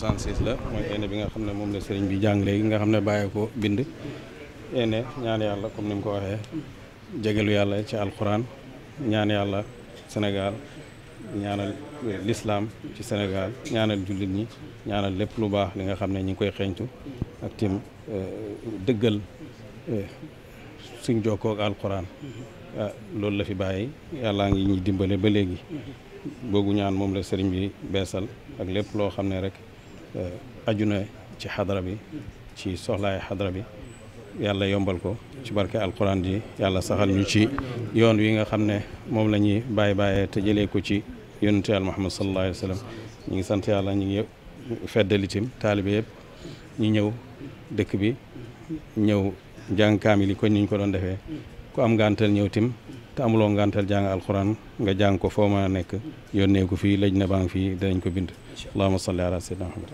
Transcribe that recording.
66 la mooy eene bi nga xam ne moom la sëriñ bi jàng léegi nga xam ne bàyyi ko bind eene ñaan yàlla comme ni mu ko waxee jegelu yàlla ci alquran ñaan yàlla Sénégal ñaanal l'islam ci Sénégal ñaanal jullit ñi ñaanal lépp lu baax li nga xam ne ñi ngi koy xeeñtu ak tim euh, dëggal euh, suñ jokkoo ak ah, loolu la fi bàyyi yàllaa ngi ñuy dimbale ba léegi boogu ñaan moom la sëriñ bi beesal ak lépp loo xam ne rek ajuna eh, ci xadara bi ci soxlaay xadara bi yàlla yombal ko ci barke alquran ji yàlla saxal ñu ci yoon wi nga xam ne moom la ñuy bàyyi bàyyee te jëlee ko ci yonente yàlla muhammad sallallahu alayhi wa ñu ngi sant yàlla ñu ngi feddalitim taalibe yëpp ñi ñëw dëkk bi ñëw jàng kaamil yi ko niñ ko doon defee ko am gàntal ñëw tim te amuloo ngantal jàng alquran nga jàng ko foo mën nekk yónnee ko fii laj na baa ngi fii danañ ko bind allahuma salli ala sayyidina muhammad